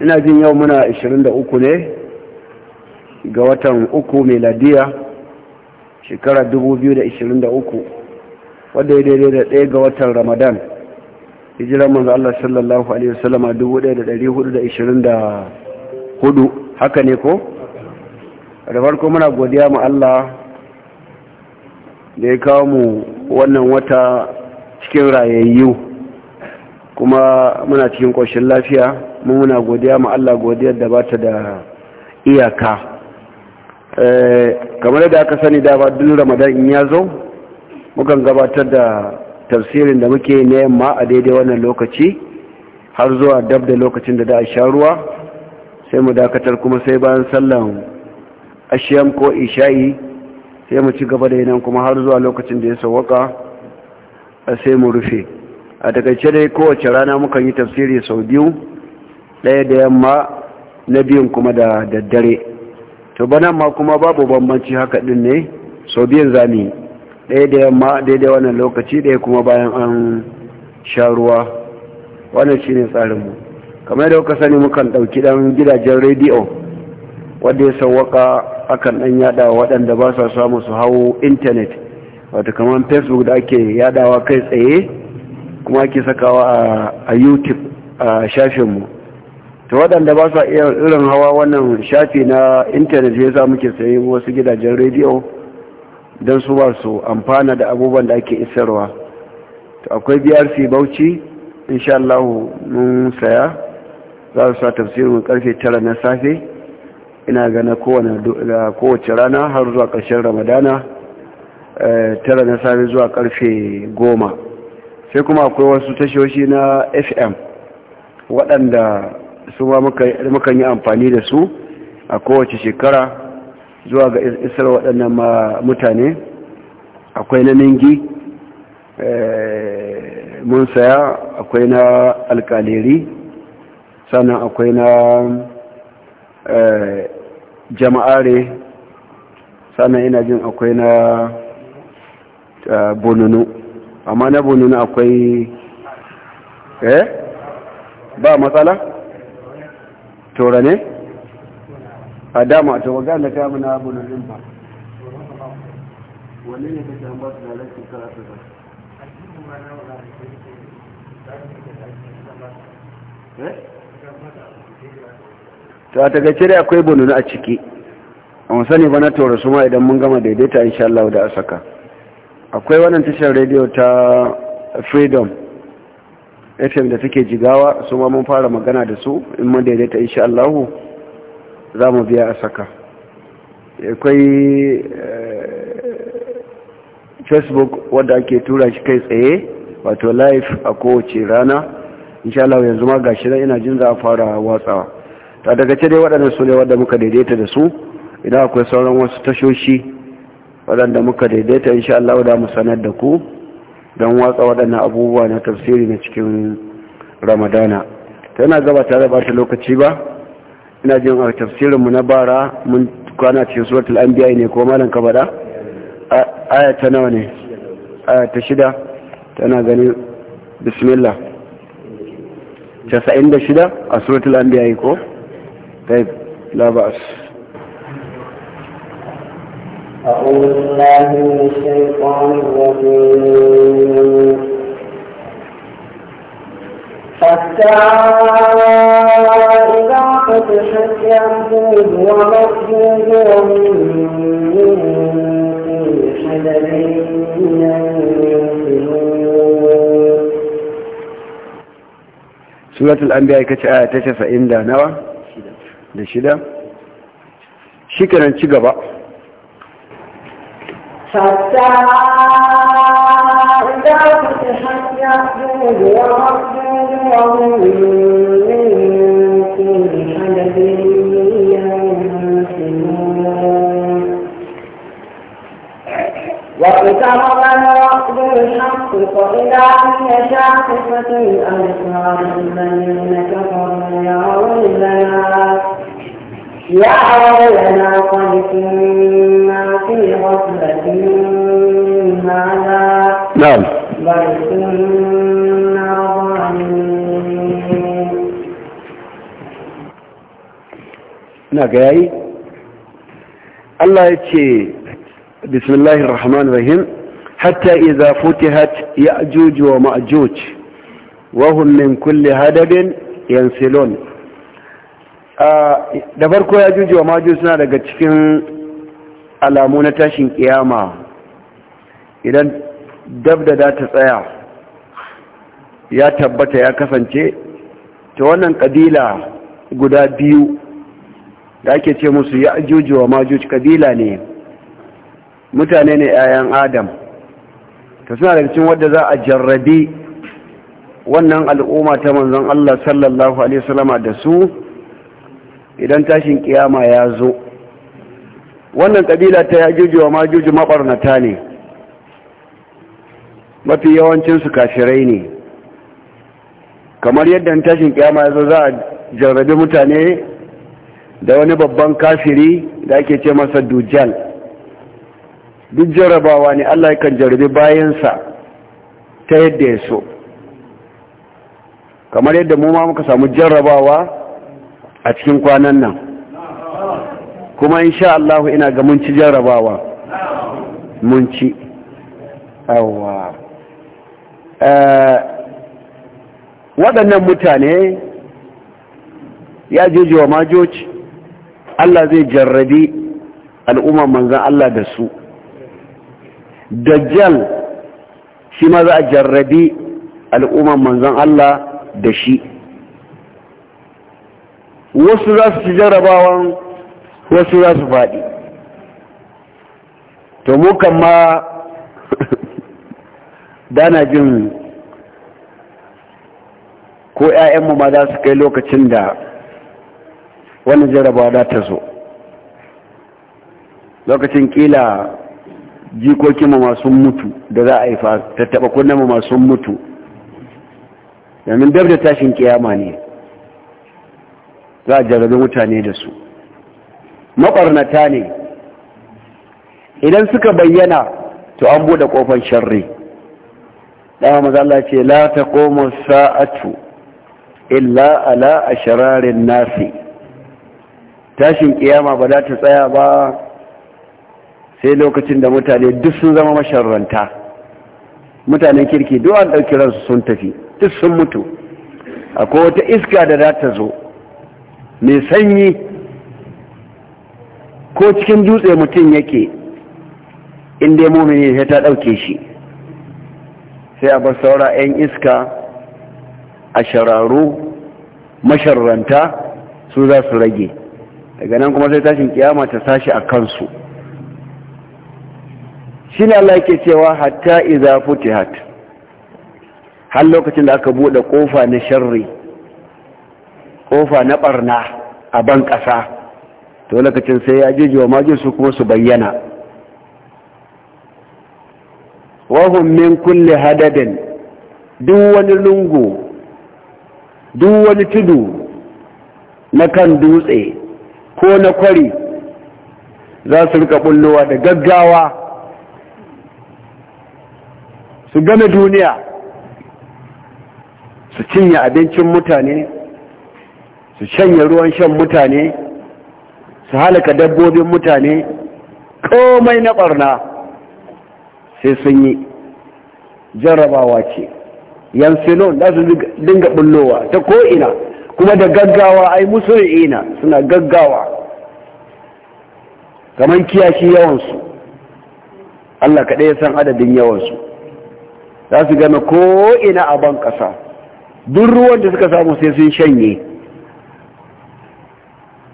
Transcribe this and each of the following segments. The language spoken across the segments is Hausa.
ina jin yau muna 23 ne ga watan uku meladiya shekara 2023 wadda ya daidai da ɗaya ga watan ramadan hijiran manzo Allah sallallahu alaihi wasallama 1424 haka ne ko da farko muna godiya mu Allah da ya kawo mu wannan wata cikin rayayyu kuma muna cikin ƙoshin lafiya muna godiya ma Allah godiyar da ba ta da iyaka eh, kamar da aka sani da ba duk ramadan in ya zo mukan gabatar da tafsirin da muke na yamma a daidai wannan lokaci har zuwa dab da lokacin da da a sha ruwa sai mu dakatar kuma sai bayan sallan ashiyam ko isha'i sai mu ci gaba da yanan kuma har zuwa lokacin da ya sawaka sai mu rufe a takaice dai kowace rana mukan yi tafsiri sau biyu ɗaya da yamma na biyun kuma da daddare to bana ma kuma babu bambanci haka ɗin ne sau biyan zami ɗaya da yamma daidai wannan lokaci ɗaya kuma bayan an sha ruwa wannan shi ne tsarinmu kamar da kuka sani mukan ɗauki ɗan gidajen rediyo wadda ya sauwaka akan ɗan yada waɗanda ba sa samu su hau intanet wata kamar facebook da ake yadawa kai tsaye kuma ake sakawa a youtube a shafinmu to waɗanda ba sa iya irin hawa wannan shafi na intanet ya sa muke sayi wasu gidajen rediyo don su ba su amfana da abubuwan da ake isarwa to akwai brc bauchi insha Allah mun saya za su sa tafsirin karfe tara na safe ina gana kowace rana har zuwa ƙarshen ramadana eh, tara na safe zuwa karfe goma sai kuma akwai wasu tashoshi na fm waɗanda su ma muka yi amfani da su a kowace shekara zuwa ga isar waɗannan mutane akwai na ningi eh, mun saya akwai na alkaleri sannan akwai na eh, jama'are sannan ina jin akwai na eh, bonunu amma na bonunu akwai eh ba matsala tora ne? a dama a waga da ta na abu na rimba wani ne ka an ba su eh? da alaƙin karatu ba ta ta gace da akwai bununu a ciki a musani ba na tora su ma idan mun gama daidaita insha Allah da asaka akwai wannan tashar rediyo ta freedom fm da take jigawa su ma mun fara magana da su in mun daidaita insha Allah za mu biya a saka akwai eh, facebook wadda ake tura shi kai tsaye wato live a kowace rana insha Allah yanzu ma gashi dan ina jin za a fara watsawa ta daga ce dai waɗannan su ne wadda muka daidaita da su idan akwai sauran wasu tashoshi waɗanda muka daidaita insha Allah da mu sanar da ku don watsa waɗannan abubuwa na tafsiri na cikin ramadana tana gaba tare ba ta lokaci ba ina jin a tafsirinmu na bara mun kwana cikin suratul anbiya ne ko malam ka bada aya ta nawa ne aya ta shida tana ganin bismillah casa'in da shida a suratul anbiya ko ta yi labas أعوذ بالله من الشيطان الرجيم حتى إذا فتحت يأجوج ومأجوج ومن كل حدب سورة الأنبياء كتآية تشفى إن لا نوى لشدة شكرا شكرا حتى إذا فتحت يأجوج ومأجوج وهم من كل حدب واقترب الوقت الحق فإذا هي شاخصة أبصار الذين كفروا يا ويلنا يعلم لنا قد كنا في غفلة من هذا نعم بل كنا ظالمين نجاي الله يتشي بسم الله الرحمن الرحيم حتى إذا فتحت يأجوج ومأجوج وهم من كل هدب ينسلون da farko ya juji wa maju suna daga cikin alamu na tashin kiyama idan dabda da ta tsaya ya tabbata ya kasance ta wannan kabila guda biyu da ake ce musu ya juji wa maju kabila ne mutane ne 'ya'yan adam ta suna daga cikin wadda za a jarrabi wannan al'umma ta manzon Allah sallallahu alaihi wasallama da su idan tashin kiyama ya zo wannan kabila ta yajuju wa majuju mabarnata ne mafi yawancinsu kashirai ne kamar yadda tashin kiyama ya zo za a jarrabi mutane da wani babban kafiri da ake ce masa dujjal duk jarrabawa ne allah kan jarrabi bayansa ta yadda ya so kamar yadda mu ma muka samu jarrabawa a cikin kwanan nan kuma insha Allah ina ga mun ci jarrabawa mun ci awa eh, waɗannan mutane ya jeje wa majoci Allah zai jarrabi al'umma manzan Allah da su dajjal shi ma za a jarrabi al'umma manzan Allah da shi wasu za su ci jarabawan wasu za su faɗi to mu kan ma dana jin ko 'ya'yanmu ma za su kai lokacin da wani jarabawa za ta zo lokacin kila ma masu mutu da za a yi tattaɓa ma masu mutu domin dab da tashin kiyama ne za a jarabi mutane da su maɓarnata ne idan suka bayyana to an buɗe ƙofar sharri maza mazala ce la ta koma sa'atu illa ala a shararin nasi tashin ƙiyama ba za ta tsaya ba sai lokacin da mutane duk sun zama masharranta mutanen kirki duk an ɗauki ransu sun tafi duk sun mutu akwai wata iska da za ta zo mai sanyi ko cikin dutse mutum yake inda ya momini ya ta ɗauke shi sai a bar saura 'yan iska a shararu masharranta su za su rage daga nan kuma sai tashin kiyama ta sashi a kansu shi ne Allah yake cewa hatta iza futihat har lokacin da aka buɗe ƙofa na sharri kofa na barna a ban ƙasa to lokacin sai ya jeji wa majin su kuma su bayyana wahun min kulle hadadin duk wani lungu duk wani tudu na kan dutse ko na kwari za su rika bullowa da gaggawa su game duniya su cinye abincin mutane su shanye ruwan shan mutane su halaka dabbobin mutane komai na barna sai sun yi jarrabawa ce yan sinon za su dinga bullowa ta ko'ina kuma da gaggawa ai musu ina suna gaggawa kamar kiyashi yawansu Allah kaɗai ya san adadin yawansu za su gane ko'ina a ban ƙasa duk ruwan da suka samu sai sun shanye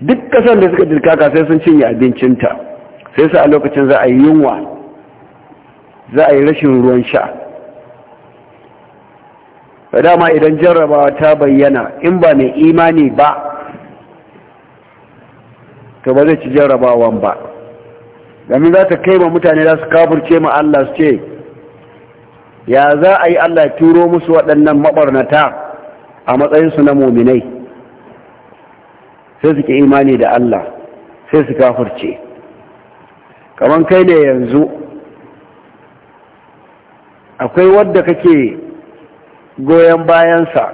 duk kasar da suka dirkaka sai sun cinye abincinta sai su a lokacin za a yi yunwa za a yi rashin ruwan sha da dama idan jarrabawa ta bayyana in ba mai imani ba to ba zai ci jarrabawan ba gami za ta kai ma mutane za su kafurce ma Allah su ce ya za a yi Allah turo musu waɗannan maɓarnata a matsayinsu na mominai sai su imani da Allah sai su kafirce kamar kai ne yanzu akwai wadda kake goyon bayansa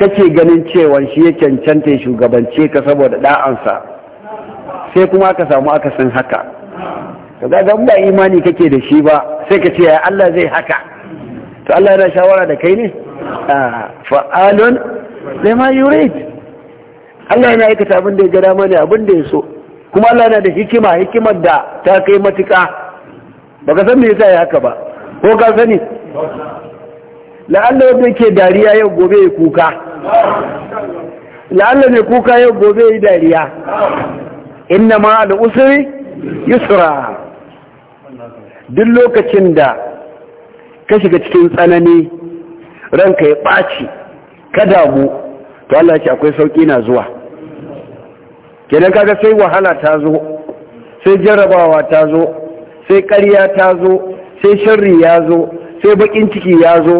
kake ganin cewa shi ya cancanta shugabance ka saboda da'ansa sai kuma aka samu akasin haka ka ga ba imani kake da shi ba sai ka ce ya Allah zai haka to Allah yana shawara da kai ne ah, fa'alun zai ma yurid Allah yana aikata abin da ya gada dama abin da ya so kuma Allah yana da hikima hikimar da ta kai matuƙa ka san me yasa ya haka ba ko ka sani la'alla wanda yake dariya yau gobe ya kuka la'alla mai kuka yau gobe ya dariya inna ma da usri yusra duk lokacin da ka shiga cikin tsanani ranka ya ɓaci ka damu to Allah ce akwai sauƙi na zuwa kenan kaga sai wahala ta zo sai jarrabawa ta zo sai ƙarya ta zo sai sharri ya zo sai bakin ciki ya zo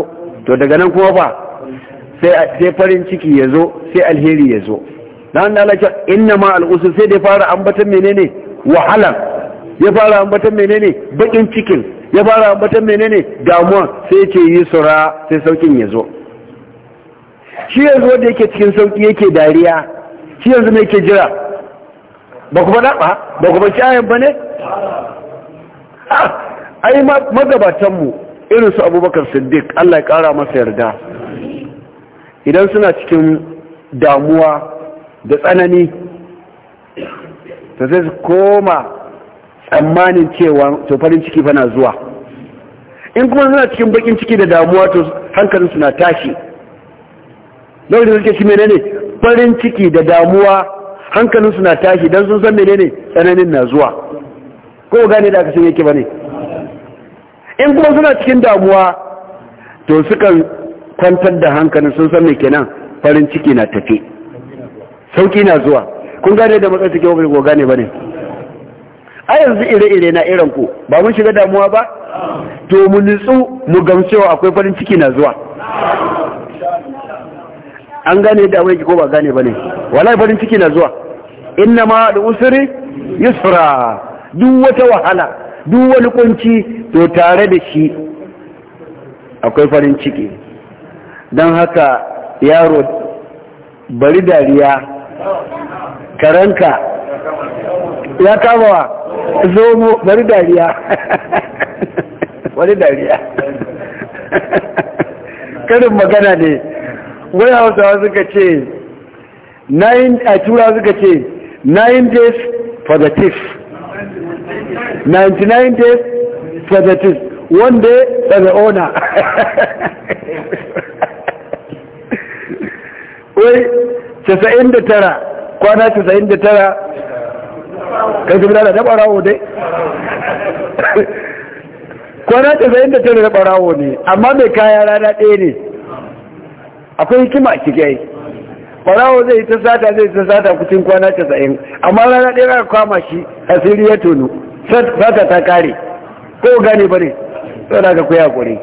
to daga nan kuma ba sai farin ciki ya zo sai alheri ya zo na hannun alaƙa inna ma al'usul sai da fara ambatan menene wahala ya fara ambatan menene bakin cikin ya fara ambatan menene damuwa sai ce yi sura sai saukin ya zo shi yanzu wanda yake cikin sauki yake dariya shi yanzu ne yake jira ba ku faɗa ba ba ku baci ba ne a yi magabatanmu irin su abubakar siddiq allah ya ƙara masa yarda idan suna cikin damuwa da tsanani ta sai su koma tsammanin cewa to farin ciki fana zuwa in kuma suna cikin bakin ciki da damuwa to hankalin na tashi lauri da suke shi menene farin ciki da damuwa hankalin suna tashi dan sun san menene tsananin na zuwa ko gane da aka san yake bane in kuma suna cikin damuwa to sukan kwantar da hankalin sun san me kenan farin ciki na tafi sauki na zuwa kun gane da matsayin cikin wani ko gane bane a yanzu ire-ire na irin ku ba mun shiga damuwa ba to mu nutsu mu gamsuwa akwai farin ciki na zuwa an gane da wani ko ba gane bane wallahi farin ciki na zuwa inna ma da usri yusra duk wata wahala duk wani kunci to tare da shi akwai farin ciki don haka yaro bari dariya karanka ya kama wa zomo bari dariya wani dariya karin magana ne wani hausawa suka ce Na yi a tura suka ce nine days for the thief 99 days for the thief one day for the owner wai 99 kwana tara kan su da ɓarawo dai kwana 99 da ɓarawo ne amma mai kaya rana ɗaya ne akwai hikima a cikin barawo zai ta sata zai ta sata kucin kwana casa'in amma rana ɗaya aka kama shi asiri ya tono sata ta kare ko gane ba ne tsara ka kuya kure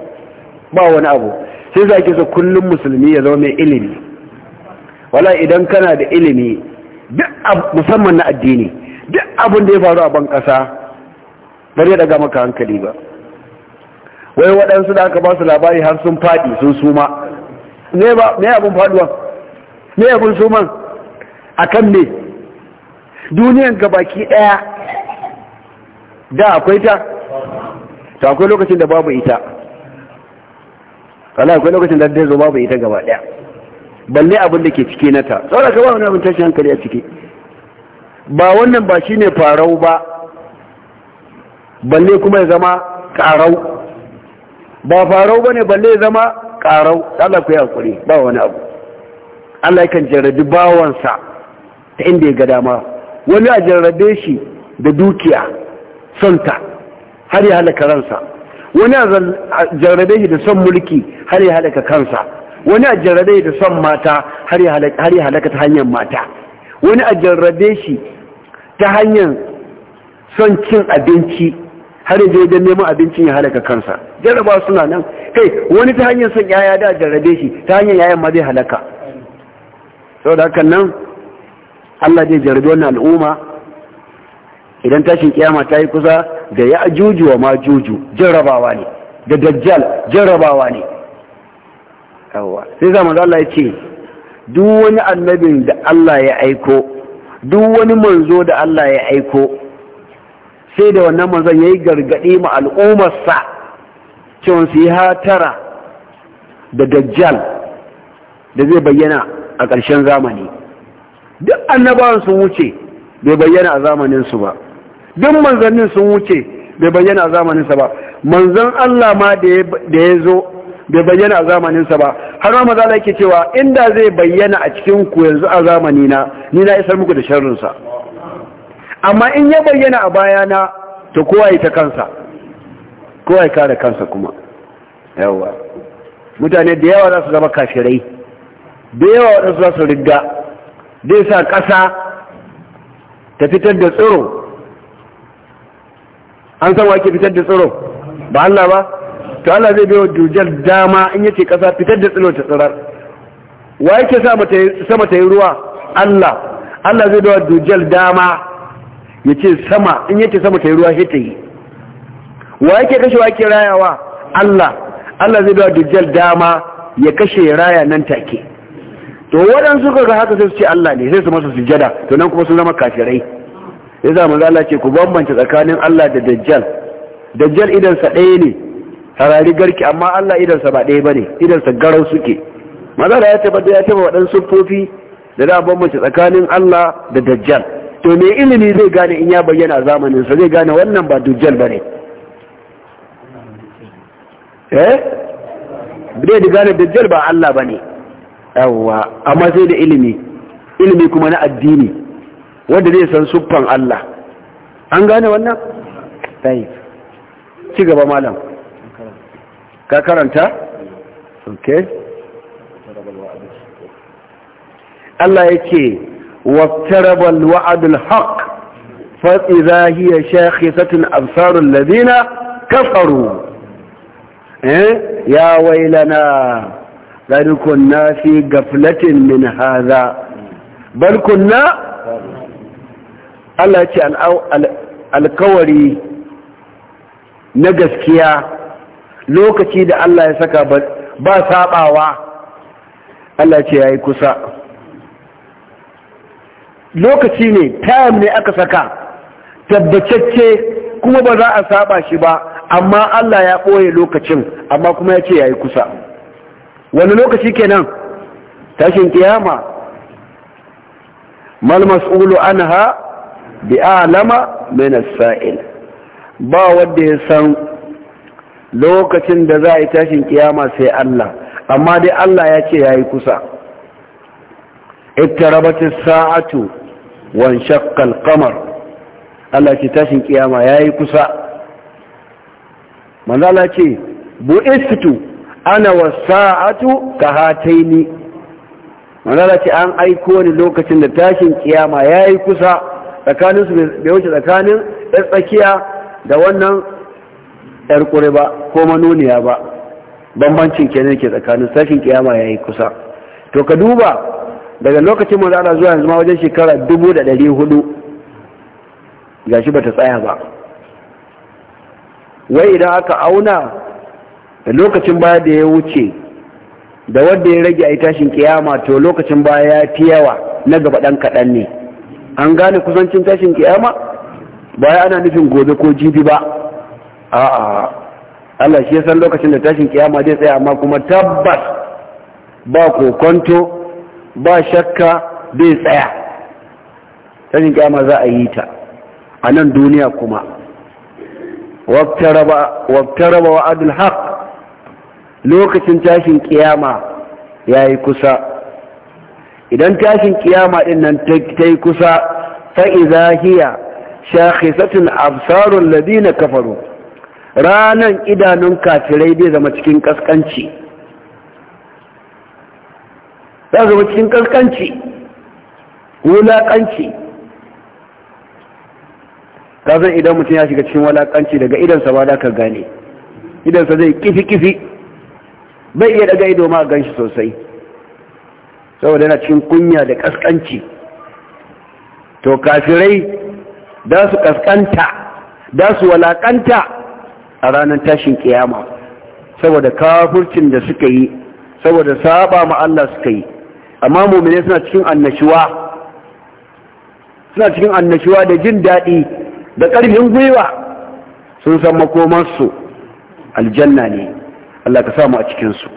ba wani abu sai za ki so kullum musulmi ya zama mai ilimi wala idan kana da ilimi duk musamman na addini duk abin da ya faru a ban kasa ba zai daga maka hankali ba wai waɗansu da aka ba su labari har sun faɗi sun suma ne abin faɗuwa me abin suman a kan me duniyan gabaki ɗaya da akwai ta ta akwai lokacin da babu ita kala akwai lokacin da zai zo babu ita gaba daya balle abin da ke cike nata saboda ka ba wani abin tashin hankali a ciki ba wannan ba shine farau ba balle kuma ya zama karau ba farau ba ne balle ya zama karau Allah ku ya hakuri ba wani abu Allah yakan jarrabi bawansa ta inda ya ga dama wani a jarrabe shi da dukiya sonta har ya halaka ransa wani a jarrabe shi da son mulki har ya halaka kansa wani a jarrabe shi da son mata har ya halaka ta hanyar mata wani a jarrabe shi ta hanyar son cin abinci har yanzu idan neman abincin ya halaka kansa jarraba suna nan kai wani ta hanyar son yaya da jarrabe shi ta hanyar yayan ma zai halaka Sau da hakan nan Allah zai jarabi wannan al'umma idan tashin kiyama ta yi kusa da ya juju wa majuju jarrabawa ne da dajjal jarrabawa ne yawwa sai zama Allah ya ce duk wani annabin da Allah ya aiko duk wani manzo da Allah ya aiko sai da wannan manzon yi gargadi ma al'ummarsa cewa su yi hatara da dajjal da zai bayyana a ƙarshen zamani duk annabawan sun wuce bai bayyana a zamaninsu ba duk manzannin sun wuce bai bayyana a zamaninsa ba manzan Allah ma da ya zo bai bayyana a zamaninsa ba har ma za ke cewa inda zai bayyana a cikin ku yanzu a zamanina ni na isar muku da sharrinsa amma in ya bayyana a bayana to kowa ya ta kansa kowa ya kare kansa kuma yawa mutane da yawa za su zama kafirai da yawa waɗansu za su riga zai sa ƙasa ta fitar da tsoro? an san wa ke fitar da tsoro, ba Allah ba to Allah zai biyo dujar dama in ce ƙasa fitar da tsoro ta tsirar wa yake sama ta yi ruwa Allah Allah zai biyo dujar dama ya ce sama in ce sama ta yi ruwa shi ta yi wa yake kashe wa ke rayawa Allah Allah zai biyo dujar dama ya kashe raya nan take to waɗansu ka ga haka sai su ce Allah ne sai su masa sujjada to nan kuma sun zama kafirai Ya za mu Allah ce ku bambance tsakanin Allah da dajjal dajjal idan sa ɗaya ne harari garki amma Allah idan sa ba ɗaya bane idan sa garau suke maza da ya tabbata ya tabbata waɗansu fofi da za a bambance tsakanin Allah da dajjal to me ilimi zai gane in ya bayyana a zamanin sa zai gane wannan ba dajjal bane eh bai da gane dajjal ba Allah bane yawwa amma sai da ilimi ilimi kuma na addini wanda zai san suffan Allah an gane wannan taif ci gaba malam ka karanta okay Allah yake waqtaraba fa idha hiya shakhisatun kafaru eh ya wailana قد fi في min haza هذا na Allah ce alkawari na gaskiya lokaci da Allah ya saka ba sabawa Allah ce ya kusa lokaci ne time ne aka saka tabbacacce kuma ba za a saba shi ba amma Allah ya ɓoye lokacin amma kuma ya ce ya kusa wani lokaci kenan tashin kiyama mal mas'ulu anha bi a'lama min as-sa'il ba wanda ya san lokacin da za a yi tashin kiyama sai Allah amma dai Allah ya ce yayi kusa as sa'atu shaqqa al qamar Allah ce tashin kiyama yayi kusa manzala ce bu'istu ana wasa'atu ka hataini manzala ce an aiko ni lokacin da tashin kiyama ya yi kusa tsakanin su bai wuce tsakanin yar tsakiya da wannan yar kure ba ko manoniya ba bambancin kenan ke tsakanin tashin kiyama ya yi kusa to ka duba daga lokacin mu manzala zuwa yanzu ma wajen shekara dubu da ɗari gashi bata tsaya ba wai idan aka auna da lokacin baya da ya wuce da wadda ya rage a yi tashin kiyama to lokacin baya ya fi yawa na gaba ɗan kaɗan ne an gane kusancin tashin kiyama baya ana nufin gobe ko jibi ba a'a Allah shi ya san lokacin da tashin kiyama zai tsaya amma kuma tabbas ba kokonto ba shakka zai tsaya tashin kiyama za a yi ta a nan duniya kuma wabtaraba wa'adul haq lokacin tashin kiyama ya yi kusa idan tashin kiyama din nan ta yi kusa fa'iza hiya shakhisatun absarun ladina kafaru ranan idanun kafirai zai zama cikin kaskanci zai zama cikin kaskanci wulakanci kazan idan mutum ya shiga cikin wulakanci daga idansa ba da ka gane idansa zai kifi-kifi bai iya daga ido ma gan shi sosai saboda yana cikin kunya da kaskanci to kafirai da su kaskanta da su walakanta a ranar tashin kiyama saboda kafircin da suka yi saboda saba ma Allah suka yi amma mumine suna cikin annashuwa suna cikin annashuwa da jin daɗi da ƙarfin gwiwa sun san makomarsu aljanna ne Allah ka samu a cikinsu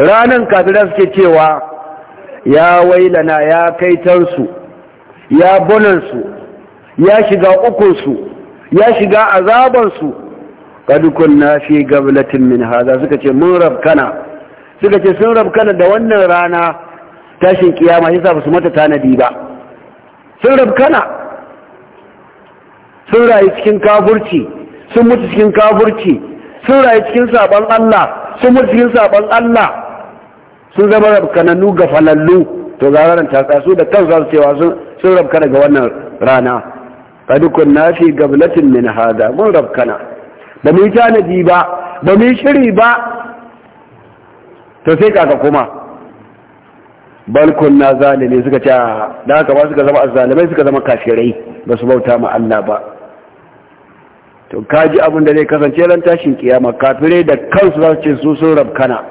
ranan kafira suke cewa ya wailana ya kaitarsu ya bonansu ya shiga ukunsu ya shiga azabansu kadukun na fi gablatin min haza suka ce mun rabkana suka ce sun rabkana da wannan rana tashin kiyama shi ba su mata tanadi ba sun rabkana sun rayu cikin kafurci, sun mutu cikin kafurci. sun rayu cikin sabon Allah sun mutu cikin sabon Allah sun zama rabkananu ga falallu to ga ranar ta tsasu da kan su cewa sun rabkana ga wannan rana kadukun na fi gablatin min hada mun rabkana ba mu yi tanadi ba ba mu yi shiri ba to sai kaka kuma balkun na zalimi suka ce da haka ba suka zama azzalimai suka zama kafirai ba su bauta ma Allah ba to kaji abin da zai kasance ran tashin kiyama kafirai da kansu za su ce su sun rabkana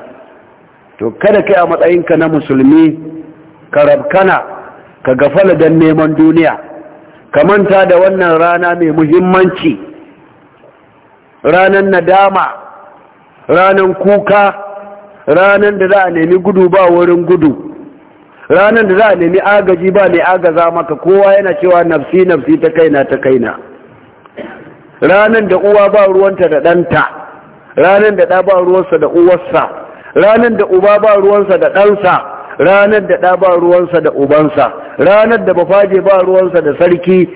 to kada kai a matsayinka na musulmi ka rabkana ka gafala don neman duniya ka manta da wannan rana mai muhimmanci ranar nadama ranan kuka ranar da za a nemi gudu ba wurin gudu ranar da za a nemi agaji ba mai agaza maka kowa yana cewa nafsi nafsi ta kaina ta kaina ranan da uwa ba ruwanta da ɗanta ranan da ɗa ba ruwansa da uwarsa ranan da uba ba ruwansa da ɗansa ranar da ɗa ba ruwansa da ubansa ranar da bafaje ba ruwansa da sarki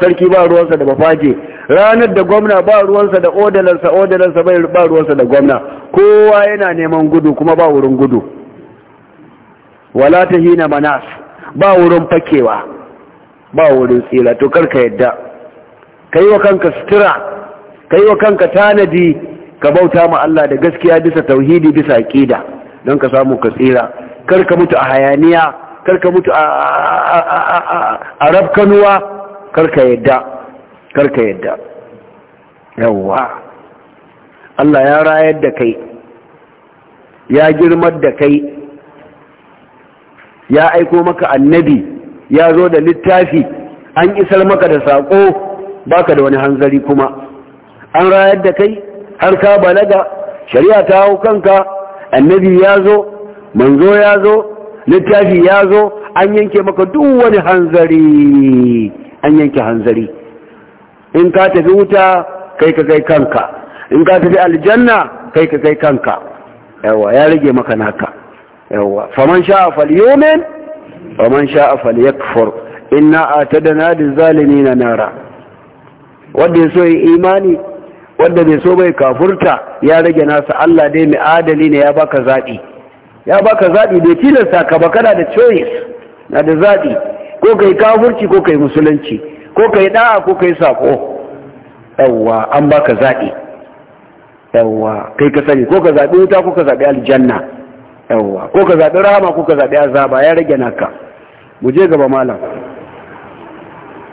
sarki ba ruwansa da bafaje ranar da gwamna ba ruwansa da odalarsa odalarsa bai ba ruwansa da gwamna kowa yana neman gudu kuma ba wurin gudu wala tahina manas ba wurin fakewa ba wurin tsira to karka yadda kai wa kanka sutura kai wa kanka tanadi ka bauta ma Allah da gaskiya bisa tauhidi bisa aqida don ka samu ka tsira kar ka mutu a hayaniya kar ka mutu a rabkanuwa kar ka yadda kar ka yadda Yawa. Allah ya rayar da kai ya girmar da kai ya aiko maka annabi ya zo da littafi an isar maka da saƙo baka da wani hanzari kuma an rayar da kai har ka balaga shari'a ta hau kanka annabi ya zo manzo ya zo littafi ya zo an yanke maka duk wani hanzari an yanke hanzari in ka tafi wuta kai ka kai kanka in ka tafi aljanna kai ka kai kanka yawa ya rage maka naka yawa faman sha'a yumin faman sha'a yakfur inna atadna lizalimin nara wanda ya so ya imani wanda bai so bai kafurta ya rage nasa Allah dai mai adali ne ya baka zaɓi ya baka zaɓi bai tilasta ka ba kana da choice na da zaɓi ko kai kafurci ko kai musulunci ko kai da'a ko kai sako yawwa an baka zaɓi yawwa kai ka sani ko ka zaɓi wuta ko ka zaɓi aljanna yawwa ko ka zaɓi rahama ko ka zaɓi azaba ya rage naka mu je gaba malam نعم. إنكم وما تعبدون من دون الله حصب جهنم أنتم لها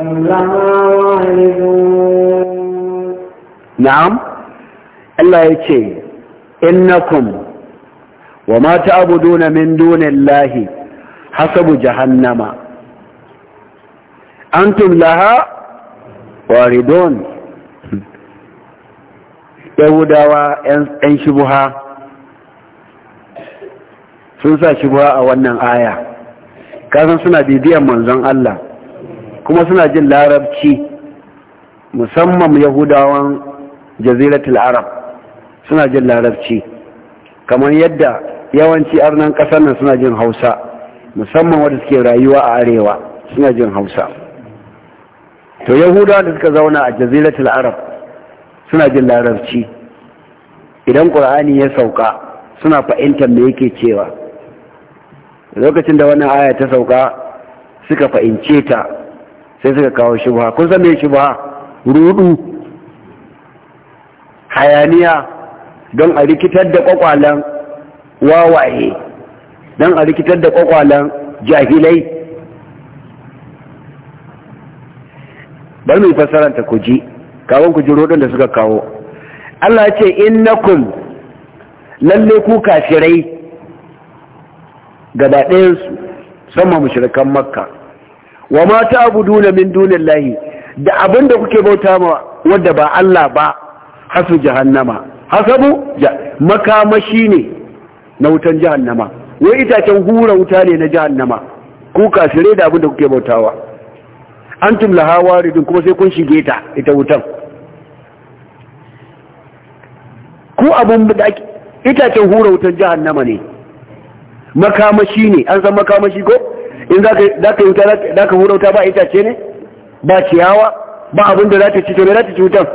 واردون نعم الله يتي إنكم وما تعبدون من دون الله حسب جهنم أنتم لها واردون yahudawa 'yan shibuha sun sa shibuha a wannan aya kasan suna bibiyan manzon Allah kuma suna jin larabci musamman yahudawan jaziratul arab suna jin larabci kamar yadda yawanci arnan kasar nan suna jin hausa musamman wadda suke rayuwa a arewa suna jin hausa to yahudawa da suka zauna a jaziratul arab suna jin larabci idan ƙur'ani ya sauka suna fahimtar me yake cewa lokacin da wannan aya ta sauka suka fahimce ta sai suka kawo shubha kun san shi shubha rudu hayaniya don a rikitar da ƙwaƙwalen wawaye don a rikitar da kwakwalen jahilai bari mai fassaranta ku ji kawon ku ji da suka kawo Allah ce innakum lalle ku kafirai gaba ɗayan su sama mushrikan makka wa ma ta'buduna min dunillahi da abinda kuke bauta ma wanda ba Allah ba hasu jahannama hasabu makamashi ne na wutan jahannama wai itacen hura wuta ne na jahannama ku kafirai da abinda kuke bautawa antum laha waridun kuma sai kun shige ta ita wutan ku abun da itacen hura wutar jahannama ne makamashi ne an san makamashi ko in za ka wuta za ka hura wuta ba itace ne ba ciyawa ba abin da za ta ci to ne za ta ci wutan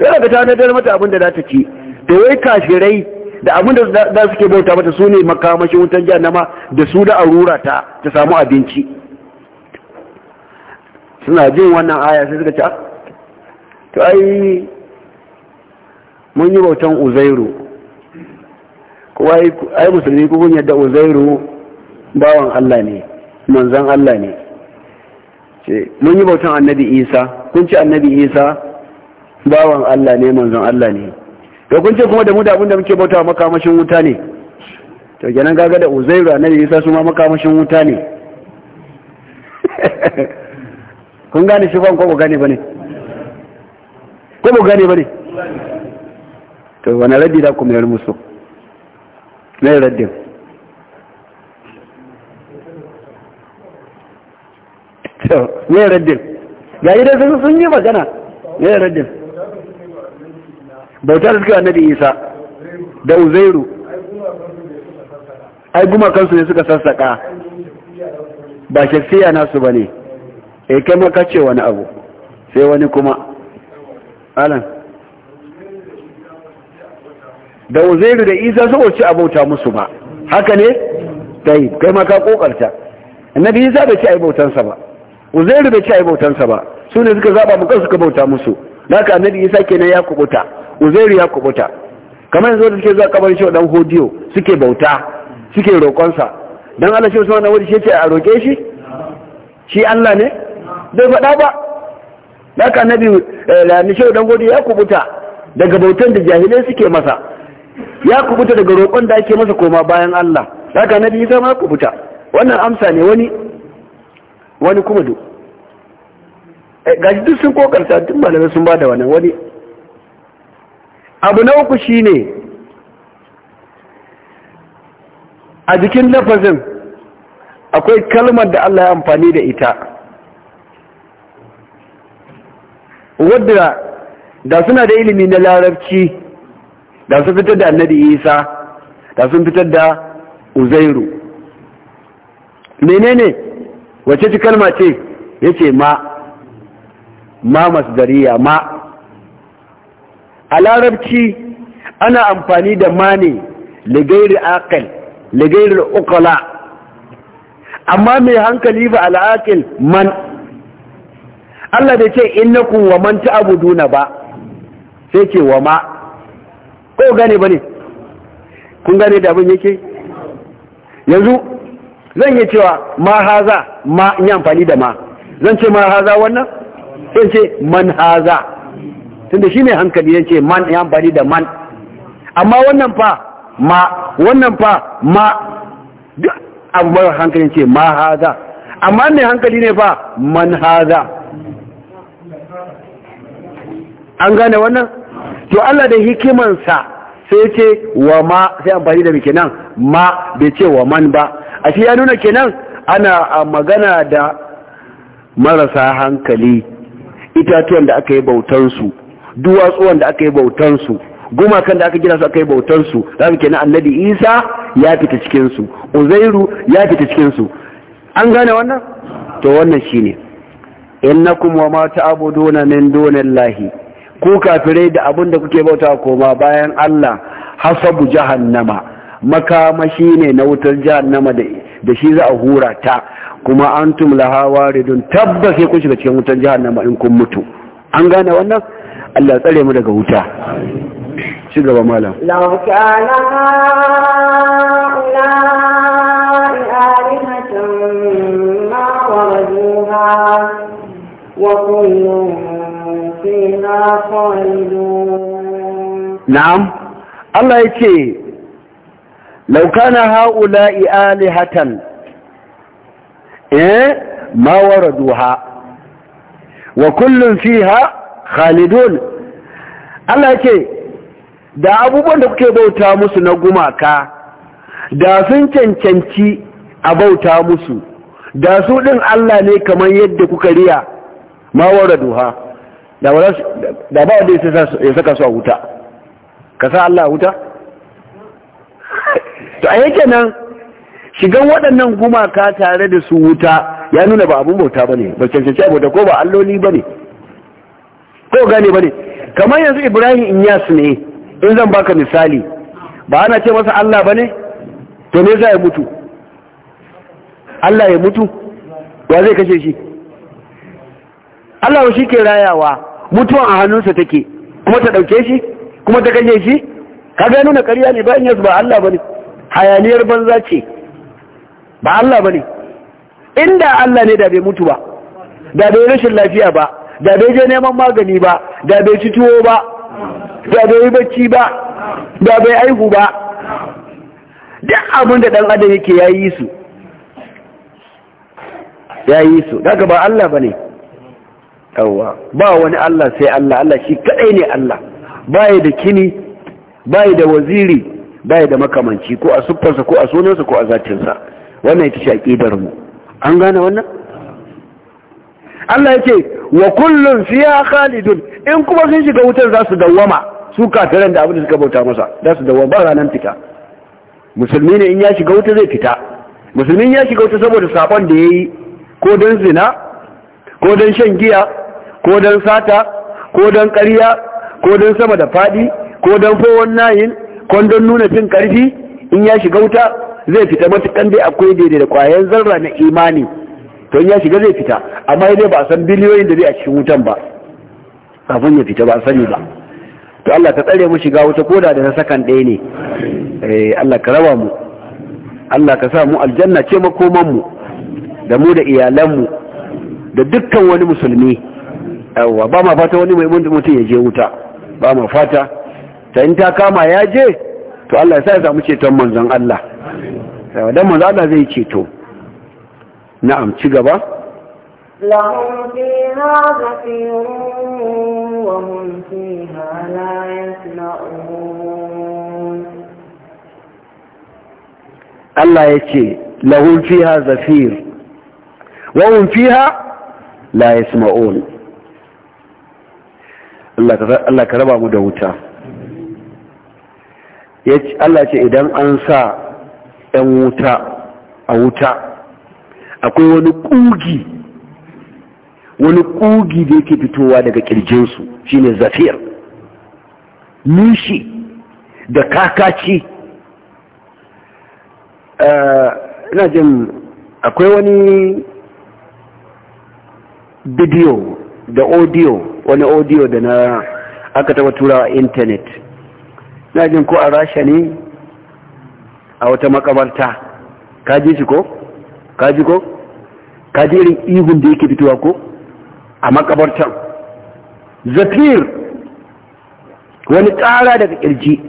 yana ka nadar mata abin da za ta ci to wai kashirai da abin da za su ke bauta mata su ne makamashi wutan jahannama da su da arura ta ta samu abinci suna jin wannan aya sai suka ce ah, to ai mun yi bautan uzairu kowa ai musulmi kun yadda uzairu bawan Allah ne manzan Allah ne mun yi bautan annabi isa kun ce annabi isa bawan Allah ne manzan Allah ne to kun ce kuma da mu da da muke bauta makamashin wuta ne to kenan gaga da uzairu annabi isa su ma makamashin wuta ne kun gane shi ko ku gane bane ko ku gane bane to wani raddi da kuma yar musu mai raddin to mai raddin ga yi dai sun yi magana mai raddin bauta da suka annabi isa da uzairu ai gumakansu ne suka sassaka ba shafiya nasu ba ne e kai maka ce wani abu sai wani kuma alan da uzairu da isa su ci a bauta musu ba haka ne dai kai ma ka kokarta annabi isa bai ci a bautansa ba uzairu bai ci a bautansa ba su ne suka zaba mu kansu ka bauta musu haka annabi isa kenan ya kubuta uzairu ya kubuta kamar yanzu da suke zuwa kabar shi dan hodiyo suke bauta suke roƙonsa dan Allah shi wannan wuri shi ce a roƙe shi shi Allah ne bai faɗa ba haka annabi la ni shi dan hodiyo ya kubuta daga bautan da jahilai suke masa ya kubuta daga roƙon da ake masa koma bayan Allah haka nabi Isa ma kubuta wannan amsa ne wani wani kuma du. Eh, gashi duk sun kokarta duk malamai sun bada wannan wani abu na uku shine a jikin lafazin akwai kalmar da Allah ya amfani da ita wadda da suna da ilimi na larabci da sun fitar da annabi isa da sun fitar da uzairu menene wace ci kalma ce ya ce ma ma masdariya ma a larabci ana amfani da ma ne ligairi akal ligairi amma mai hankali ba al'akil man Allah da ce innakun wa man ta abu duna ba sai ce wa ma ko gane ba ne kun gane da abin yake yanzu zan yi cewa ma haza ma in yi amfani da ma zan ce ma haza wannan Zan ce man haza tunda shi ne hankali ya ce man ya amfani da man amma wannan fa ma wannan fa ma duk abu mara hankali ce ma haza amma ne hankali ne fa man haza an gane wannan to Allah da hikimansa sai ce wa ma sai amfani da nan, ma bai ce wa man ba a shi ya nuna kenan ana magana da marasa hankali itatuwan da aka yi bautansu duwatsuwan da aka yi bautansu gumakan da aka gina su aka yi bautansu za mu kenan annabi isa ya fita cikinsu uzairu ya fita cikinsu an gane wannan to wannan shine innakum wa ma ta'buduna min dunillahi ko kafirai da abin da kuke bauta koma bayan Allah hasabu jahannama makamashi ne na wutar jahannama da shi za a hura ta kuma antum laha waridun tabbas sai kun shiga cikin wutar jahannama in kun mutu an gane wannan Allah tsare mu daga wuta ci gaba malam law kana ulai alihatan ma فيها خالدون نعم laukana يتي لو كان هؤلاء آلهة إيه ما وردوها وكل فيها Allah الله ce, da abubuwan da kuke bauta musu na gumaka da sun cancanci a bauta musu da su ɗin Allah ne kamar yadda kuka riya mawara duha da ba wanda ya saka su a wuta ka sa Allah a wuta to a yake nan shigan waɗannan gumaka tare da su wuta ya nuna ba abin bauta ba ne ba cancanci abota ko ba alloli ba ne ko gane ba ne kamar yanzu ibrahim inyas ne in zan baka misali ba ana ce masa Allah ba ne to ne za ya mutu Allah ya mutu wa zai kashe shi Allah shi ke rayawa mutuwan a hannunsa take kuma ta ɗauke shi kuma ta kashe shi ka ga nuna ƙarya ne bayan yasu ba Allah ba ne hayaniyar banza ce ba Allah ba ne inda Allah ne da bai mutu ba da bai rashin lafiya ba da bai je neman magani ba da bai ci tuwo ba da bai yi bacci ba da bai aihu ba duk abin da ɗan adam yake ya yi su ya yi su daga ba Allah ba ne yawwa ba wani Allah sai Allah Allah shi kadai ne Allah baya da kini baya da waziri baya da makamanci ko a suffarsa ko a sunansa ko a zatinsa wannan ita ce aqidar mu an gane wannan Allah yake wa kullun fiha khalidun in kuma sun shiga wutar za su dawama su kafiran da abin da suka bauta masa za su dawama ba ranan fita musulmi ne in ya shiga wuta zai fita musulmin ya shiga wuta saboda sabon da yayi ko don zina ko don shan giya ko don sata ko don ƙarya ko don sama da faɗi ko don fowon nayin ko don nuna fin ƙarfi in ya shiga wuta zai fita matukan dai akwai daidai da ƙwayan zarra na imani to in ya shiga zai fita amma dai ba a san biliyoyin da zai a cikin wutan ba kafin ya fita ba a sani ba to Allah ka tsare mu shiga wuta ko da na sakan ɗaya ne eh, Allah ka raba mu Allah ka sa mu aljanna ce makoman mu da mu da iyalan mu da dukkan wani musulmi yawwa ba ma fata wani mai mutum ya je wuta ba ma fata ta yin ta kama ya je to Allah ya sa ya samu ceton manzan Allah don manzan Allah zai ceto na'am ci gaba Allah fiha ce lahun fiha fiha zafir wa hum fiha la yasma'un Allah ka raba mu da wuta Allah ce idan an sa 'yan wuta a wuta akwai wani ƙugi wani ƙugi da yake fitowa daga ƙirjinsu shine zafiyar nishi da kakaci eh, ina jin akwai wani bidiyo da audio wani audio da na aka taba a intanet na jin ko a rasha ne a wata makabarta kaji shi ko kaji ko kaji irin ihun da yake fitowa ko a makabartan zafir wani tsara daga kirji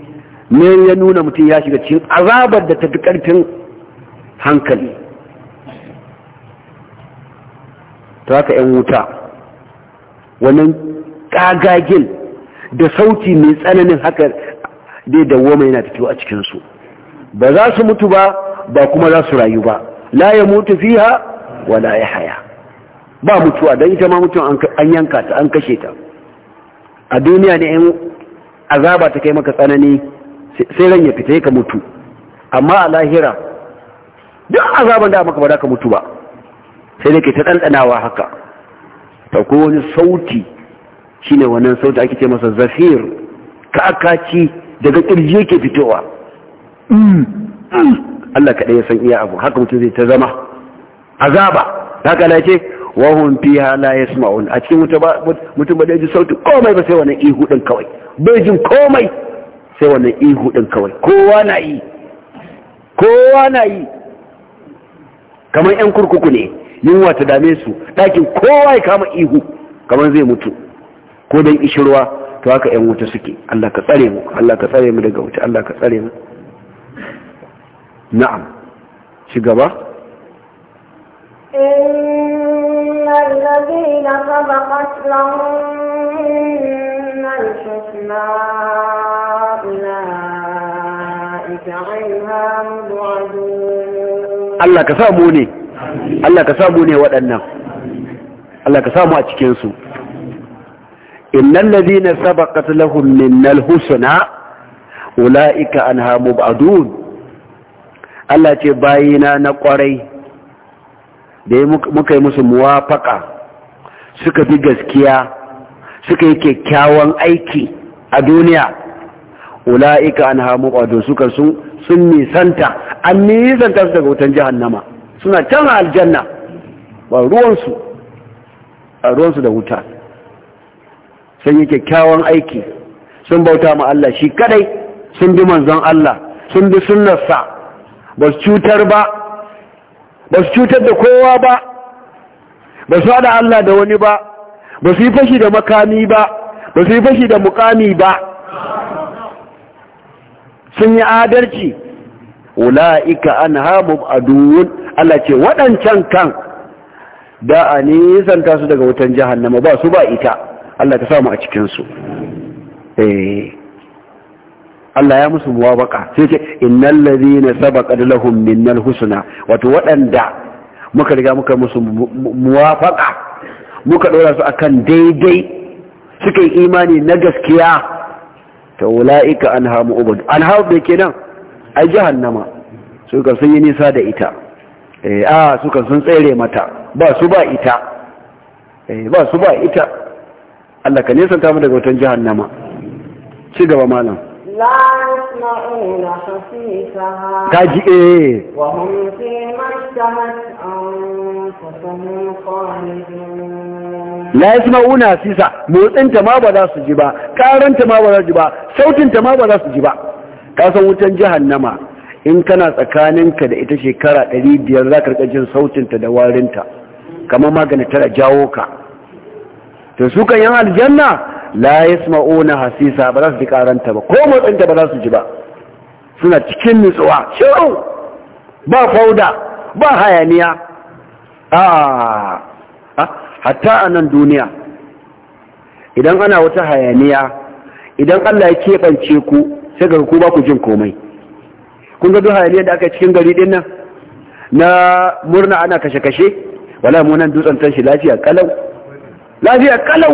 ne ya nuna mutum ya shiga cikin azabar da tafi karfin hankali ta haka 'yan wuta wannan ƙagagen da sauti mai tsananin haka dai da woma yana fito a cikinsu ba za su mutu ba ba kuma za su rayu ba la ya mutu fiha wala ya haya ba mutuwa don ita ma mutum an yanka ta an kashe ta a duniya ne in azaba ta kai maka tsanani sai ran ya fita ka mutu amma a lahira duk azaban da maka ba za ka mutu ba sai da ke ta ɗanɗanawa haka Akwai wani sauti shine wannan sauti ake ce masa zafir kakaci daga kirji yake fitowa mm, mm. Allah kaɗai ya san iya abu haka mutum zai ta zama azaba haka na ce wahun fiha la yasma'un a cikin mutum ba da ji sauti komai ba sai wannan ihu ɗin kawai bai jin komai sai wannan ihu ɗin kawai kowa na yi kowa na yi kamar yan kurkuku ne yunwa ta dame su ɗakin kowa ya kama ihu kamar zai mutu ko don ishirwa to haka ‘yan wuta suke Allah ka tsare mu Allah ka tsare mu daga wuta Allah ka tsare mu na'am shi gaba Allah ka sa mu ne Allah ka samu ne waɗannan Allah ka samu a cikinsu innal ladina sabaqat Husuna minnal husna ulaika anha mubadun Allah ce bayina na kwarai da muka yi musu muwafaka suka fi gaskiya suka yi kyakkyawan aiki a duniya wula'ika an hamu ƙwado suka sun nisanta an nisanta su daga wutan jihannama suna can aljanna ba ruwansu a ruwansu da wuta sun yi kyakkyawan aiki sun bauta ma Allah shi kadai sun bi manzon Allah sun bi sunnarsa ba su cutar ba ba su cutar da kowa ba ba su haɗa Allah da wani ba ba su yi fashi da makami ba ba su yi fashi da mukami ba sun yi adalci ula'ika an hamu Allah ce waɗancan kan da a nisan tasu daga wutan jahannama ba su ba ita Allah ta samu a cikinsu eh. Allah ya musu baka sai ce innal ladhina sabaqat lahum minnal husna wato waɗanda muka riga muka musu muwafaka muka ɗora su akan daidai suka imani na gaskiya ta wula'ika an hamu ubud an hamu kenan a jihannama suka sun yi nisa da ita eh, a suka sun tsere mata ba su ba ita eh, ba su ba ita Allah ka nisan ta mu daga wutan jihannama ci gaba malam La ji e La isma una sisa motsinta ma ba za su ji ba karanta ma ba za su ji ba sautinta ma ba za su ji ba ka san wutan jahannama in kana tsakaninka da ita shekara 500 za ka rika jin sautinta da warinta kamar magana tara jawo ka to su kan yan aljanna la yasma'una hasisa ba za su ji karanta ba ko motsinta ba za su ji ba suna cikin nutsuwa shiru ba fauda ba hayaniya a hatta a nan duniya idan ana wata hayaniya idan Allah ya kebance ku sai ga ku ba ku jin komai kun ga duk hayaniyar da aka cikin gari din nan na murna ana kashe-kashe wala mu nan dutsen tashi lafiya kalau lafiya kalau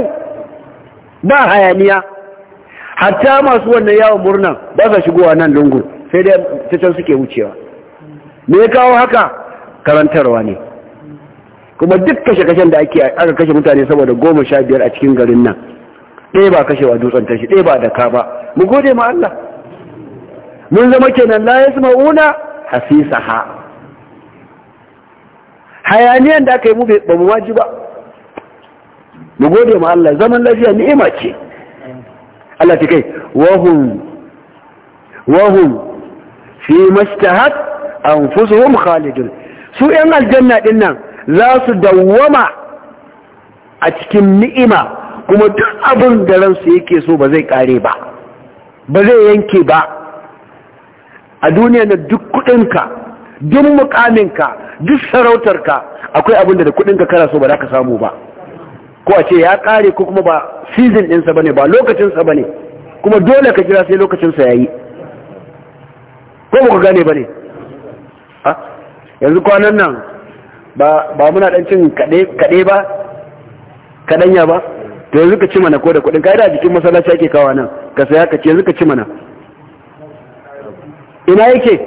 ba hayaniya hatta masu wannan yawon murnan ba sa shigowa nan lungu sai dai ta can suke wucewa me ya kawo haka karantarwa ne kuma duk kashe-kashen da ake aka kashe mutane saboda goma sha biyar a cikin garin nan ɗaya ba kashewa dutsen tashi ɗaya ba da ka ba mu gode ma Allah mun zama kenan la yasma'una ha? hayaniyan da aka yi mu ba mu waji ba mu gode ma Allah zaman lafiya ni'ima ce Allah ta kai wahum wahum fi mashtahat anfusuhum khalidun su yan aljanna din nan za su dawwama a cikin ni'ima kuma duk abin da ransu yake so ba zai kare ba ba zai yanke ba a duniya na duk kudinka duk mukaminka duk sarautarka akwai abin da kudinka kana so ba za ka samu ba ko a ce ya kare ko kuma ba season ɗinsa ba ne ba lokacinsa ba ne kuma dole ka jira sai lokacinsa ya yi ko ba ku gane ba ne yanzu kwanan nan ba muna ɗan cin kaɗe ba kaɗanya ba to yanzu ka ci mana ko da kuɗin ka yi da jikin masallaci ake kawa nan ka saya ka ce yanzu ka ci mana ina yake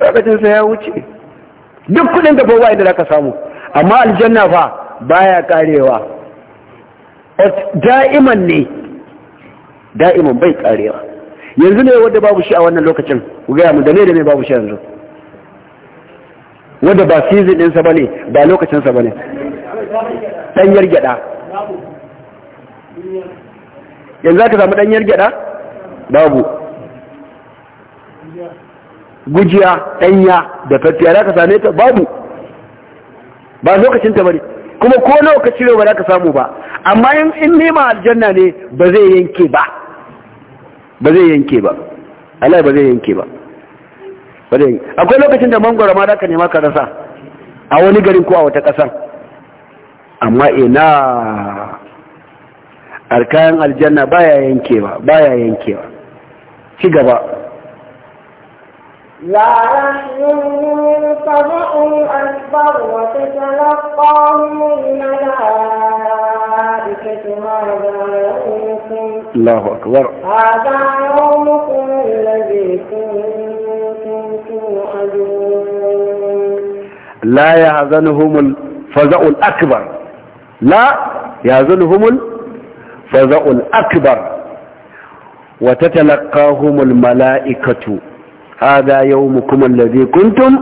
lokacinsa ya wuce duk kudin da ba inda zaka samu amma aljanna fa baya karewa da'iman ne da'iman bai karewa yanzu ne wanda babu shi a wannan lokacin ku gaya mu da ne da ne babu shi yanzu wanda ba season ɗinsa ba ne ba lokacinsa ba ne ɗanyar gyaɗa yanzu aka samu ɗanyar gyaɗa babu gujiya ɗanya da fatiya za ka same ta babu ba lokacin ta bane kuma ko nawa ka cire ba za ka samu ba amma in nema aljanna ne ba zai yanke ba ba zai yanke ba Allah ba zai yanke ba akwai lokacin da mangwara ma za ka nema ka rasa a wani garin ko a wata ƙasar amma ina arkayan aljanna baya yankewa baya yankewa ci gaba لا يحزنهم الفزع الأكبر وتتلقاهم الملائكة هذا يومكم الله أكبر هذا يومكم الذي كنتم توعدون لا يحزنهم الفزع الأكبر لا يحزنهم الفزع الأكبر وتتلقاهم الملائكة hada yawmukum allazi kuntum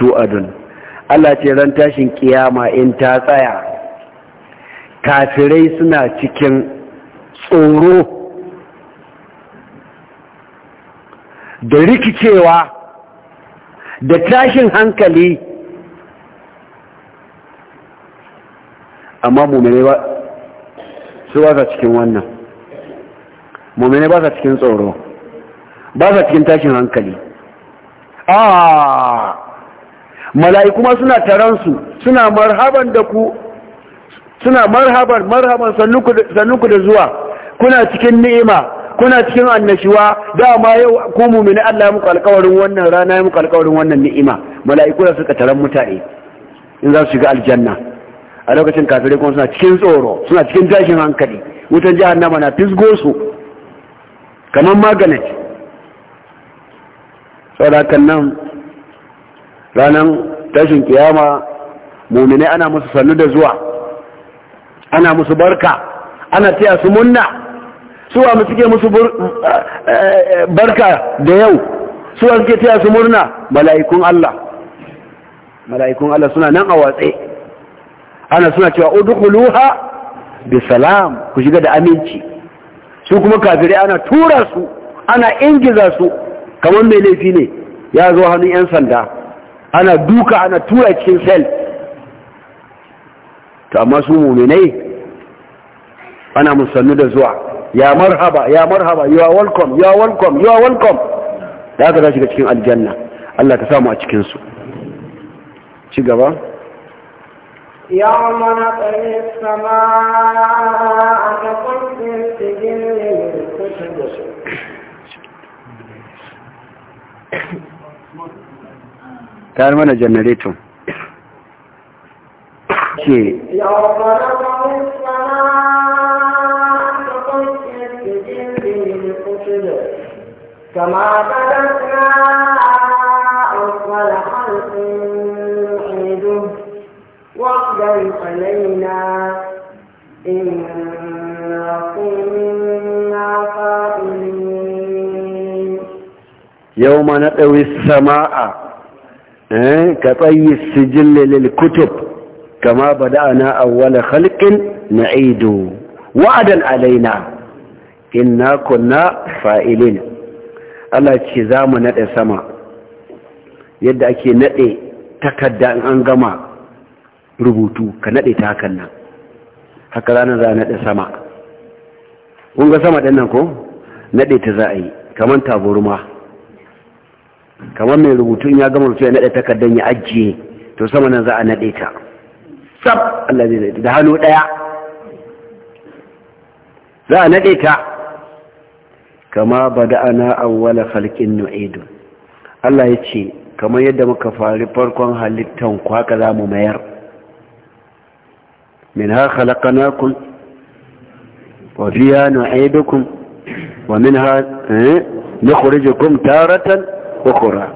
tu'adun Allah ce ran tashin kiyama in ta tsaya kafirai suna cikin tsoro da rikicewa da tashin hankali amma mummune ba su ba cikin wannan mummune ba cikin tsoro ba za cikin tashin hankali a mala'iku kuma suna taransu suna marhaban da ku suna marhaban marhaban sannunku da zuwa kuna cikin ni'ima kuna cikin annashuwa dama yau ku mumini Allah ya muku alƙawarin wannan rana ya muku alƙawarin wannan ni'ima mala'iku da suka taran mutane in za su shiga aljanna a lokacin kafirai kuma suna cikin tsoro suna cikin tashin hankali wutan jahannama na fisgo su kamar maganet saurakan nan ranar tashin kiyama muminai ana musu sannu da zuwa ana musu barka ana taya su munna suwa mu suke musu eh, eh, barka da yau suwa suke taya su murna mala'ikun Allah mala'ikun Allah suna nan a watse ana suna cewa udkhuluha bi salam ku shiga da aminci su kuma kafirai ana tura su ana ingiza su kamar mai laifi ne ya zo hannun 'yan sanda ana duka ana tura cikin sel ta amma su muminai ana musannu da zuwa ya marhaba ya marhaba you are welcome you are welcome you are welcome da aka za shiga cikin aljanna Allah ka samu a cikinsu ci gaba يوم نطوي السماء كطي السجل للكتب تعال mana janareto يا كما بدأنا أول خلق نعيده وعدا علينا إنا كنا yau ma na ɗawi sama'a ka tsayi sijilli lil kutub kama bada'ana awwala khalqin na'idu wa'adan alaina inna kunna fa'ilin Allah ce za mu naɗe sama yadda ake naɗe takarda in an gama rubutu ka naɗe ta hakan nan haka ranar za a naɗe sama kun sama ɗin nan ko naɗe ta za a yi kamar taburma kamar mai rubutun ya gama rubutu ya naɗa takardar ya ajiye to sama nan za a naɗe ta sab Allah zai zai da hannu ɗaya za a naɗe ta kama ba da ana awwala falkin nu'idu Allah ya ce kamar yadda muka fari farkon halittan ku haka za mu mayar min ha khalaqnakum wa fiha nu'idukum wa minha eh, nukhrijukum taratan ukhra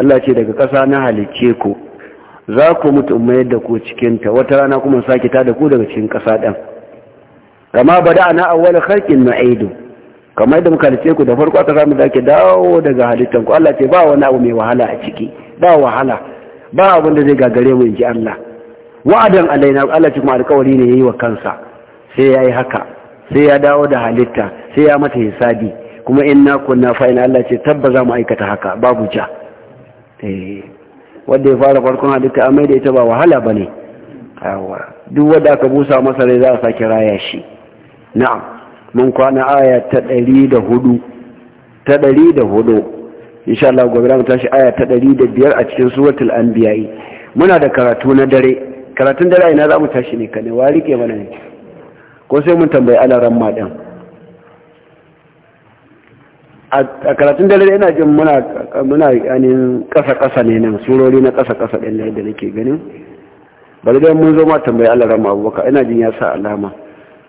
Allah ce daga ƙasa na halicce ku za ku mutu mayar da ku cikinta wata rana kuma sake ta da ku daga cikin ƙasa ɗan kama ba da ana awwal kharqin na'idu kamar da muka halicce ku da farko aka samu zaki dawo daga halittan ku Allah ce ba wani abu mai wahala a ciki ba wahala ba abin da zai gagare mu inji Allah wa'adan alaina Allah ce kuma alƙawari ne yayi wa kansa sai yayi haka sai ya dawo da halitta sai ya mata hisabi kuma in na kunna fa'ina Allah ce tabba za mu aikata haka babu ja eh, wanda ya fara farkon halitta a da ita ba wahala ba ne duk wanda aka busa masa rai za a sake raya shi na'am mun kwana aya ta ɗari da hudu ta ɗari da hudu insha Allah gobe mu tashi aya ta ɗari da biyar a cikin suratul anbiya'i muna da karatu na dare karatun dare ina za mu tashi ne kane wa rike mana ne ko sai mun tambayi alaran ma ɗan a karatun dare ina jin muna muna yanin kasa-kasa ne nan surori na kasa-kasa ɗin da nake ganin bari dai mun zo ma tambayi Allah rama abubakar ina jin ya sa alama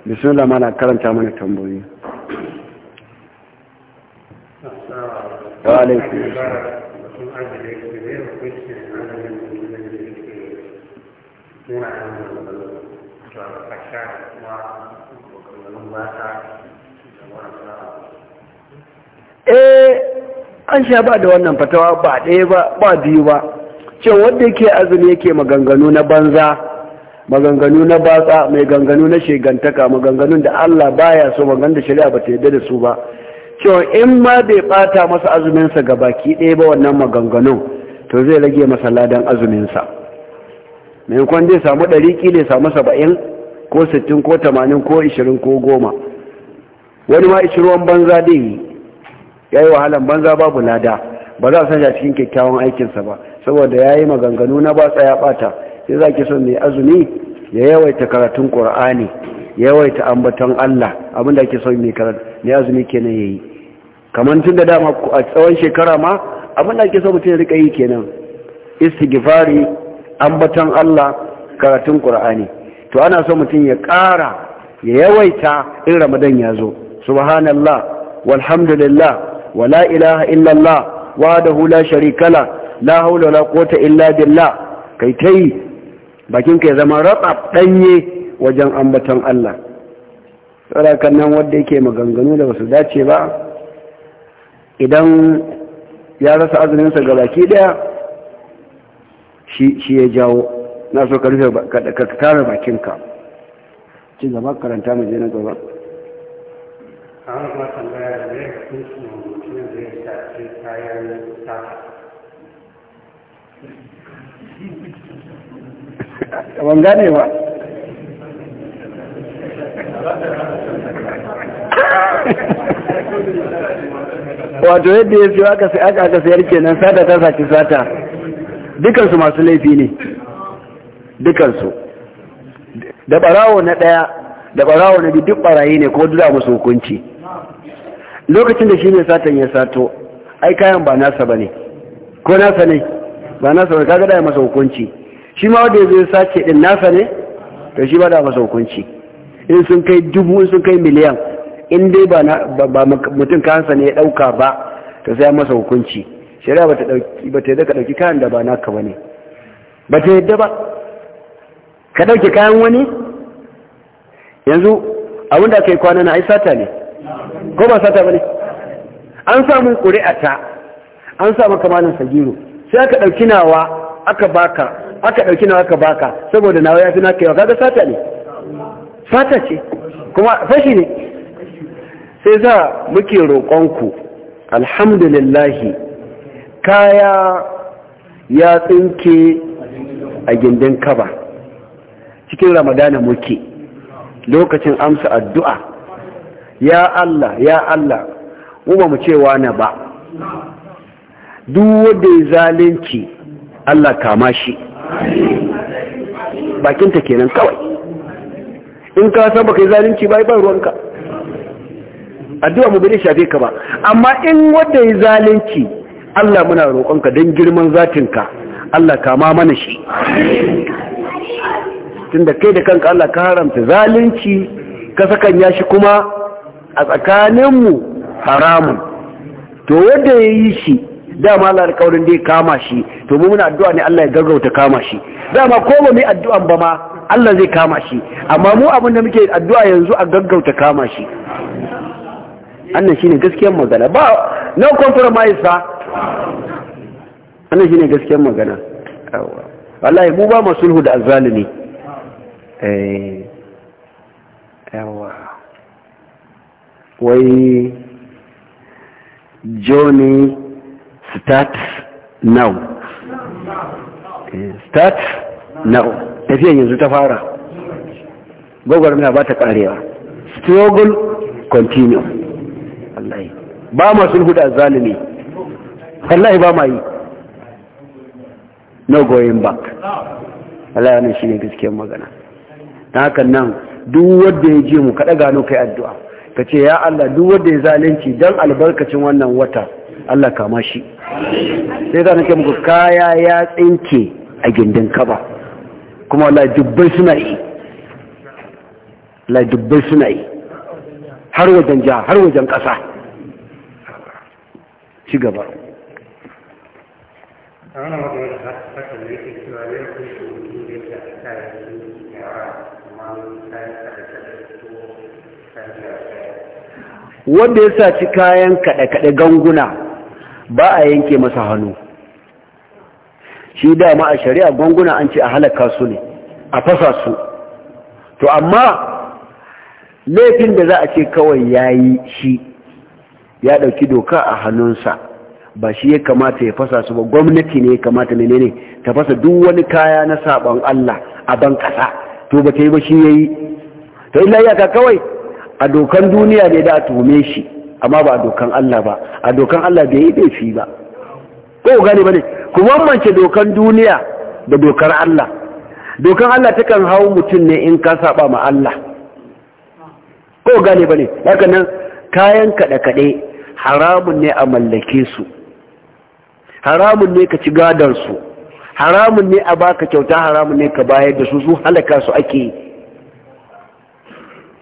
bismillah mana karanta mana tambayi. eh an sha ba da wannan fatawa ba ɗaya ba ba biyu ba ce wanda yake azumi yake maganganu na banza maganganu na batsa mai ganganu na shegantaka maganganun da Allah baya so maganganun da shari'a ba ta yarda da su ba cewa in ma bai bata masa azuminsa ga baki ɗaya ba wannan maganganun to zai rage masa ladan azuminsa kwan zai samu ɗari kila samu saba'in ko sittin ko tamanin ko ishirin ko goma wani ma ishirin banza dai yi ya yi wahalan banza babu lada ba za a sanya cikin kyakkyawan aikinsa ba saboda ya yi maganganu na batsa ya bata sai za ki son mai azumi ya yawaita karatun ƙur'ani ya yawaita ambaton allah abinda ake son mai azumi kenan ya yi kamar tun da dama a tsawon shekara ma abinda ake son mutum ya rika yi kenan istighfari ambaton allah karatun ƙur'ani to ana son mutum ya ƙara ya yawaita in ramadan ya zo subhanallah walhamdulillah Wala إله إلا الله وحده لا شريك kala, لا حول ولا قوة إلا بالله كي كي bakin ya zama ratsab ɗanye wajen ambatan Allah saboda nan wanda yake maganganu da basu dace ba idan ya rasa azumin sa ga baki ɗaya shi ya jawo na so ka rufe ka kare bakin ka karanta mu na gaba ban gane ba wato yadda ya siyo aka sayar kenan sata ta saki sata dukansu masu laifi ne dukansu da barawo na daya da barawo na biyu duk barayi ne ko duk musu hukunci lokacin da shi ne satan ya sato ai kayan ba nasa ba ne ko nasa ne ba nasa ba kaga da masa hukunci shi ma wanda zai sace din nasa ne to shi ba da masa hukunci in sun kai dubu in sun kai miliyan in dai ba ba mutum kansa ne ya dauka ba to sai masa hukunci shari'a ta dauki ta yadda ka dauki kayan da ba naka bane ta yadda ba ka dauki kayan wani yanzu abin da kai kwana na ai sata ne ko ba sata bane an samu ƙuri'ata an samu kamalin sagiro sai aka ɗauki nawa aka baka aka ɗauki nawa aka baka saboda nawa ya fi na kewa, kaga sata ne sata ce kuma fashi ne sai za muke roƙonku alhamdulillahi kaya ya tsinke a gindin kaba cikin ramadana muke lokacin amsa addu'a ya Allah ya Allah mu ba mu cewa na ba duk wanda ya zalunci Allah kama shi bakinta kenan kawai in ka san baka yi zalunci ba ba ruwanka addu'a mu bai shafe ka ba amma in wanda ya zalunci Allah muna roƙonka don girman zatinka Allah kama mana shi tunda kai da kanka Allah ka haramta zalunci ka sakan ya shi kuma a tsakaninmu haramun to wanda ya yi shi dama Allah alƙawarin da ya kama shi to mu muna addu'a ne Allah ya gaggauta kama shi dama ko ba mu addu'an ba ma Allah zai kama shi amma mu abin da muke addu'a yanzu a gaggauta kama shi annan shine gaskiyar magana ba no compromise fa annan shine gaskiyar magana wallahi mu ba sulhu da azzalimi eh yawa wai start now eh, start now tafiyan yanzu ta fara mina ba ta karewa struggle continue wallahi ba ma sulhu da zalimi wallahi ba ma yi no going back wallahi wannan ne gaskiyar magana ta haka nan duk wanda ya ji mu kada gano kai addu'a ce ya Allah duk wanda ya zalunci don albarkacin wannan wata Allah kama shi sai za nake muku kaya ya tsinke a gindin kaba kuma lajibbai dubbai suna yi lajibbai dubbai suna yi har wajen jiha har wajen ƙasa ci gaba wanda ya saci kayan kaɗe-kaɗe ganguna ba a yanke masa hannu shi dama a shari'a gwanguna an ce a halaka su ne a fasa su to amma laifin da za a ce kawai ya yi shi ya ɗauki doka a hannunsa ba shi ya kamata ya fasa su ba gwamnati ne ya kamata ne, ne ta fasa duk wani kaya na saban Allah a ban kasa to ba ta yi ba shi ya yi to illa iyaka kawai a dokan duniya ne da a tuhume shi amma ba a dokan Allah ba a dokan Allah bai yi ɗafi ba ko ba ne ku mamance dokan duniya da dokar Allah dokan Allah takan hau mutum ne in ka saba ma Allah ko ba ne haka nan kayan kaɗe kaɗe haramun ne a mallake su haramun ne ka ci gadon su haramun ne a baka kyauta haramun ne ka bayar da su su halaka su ake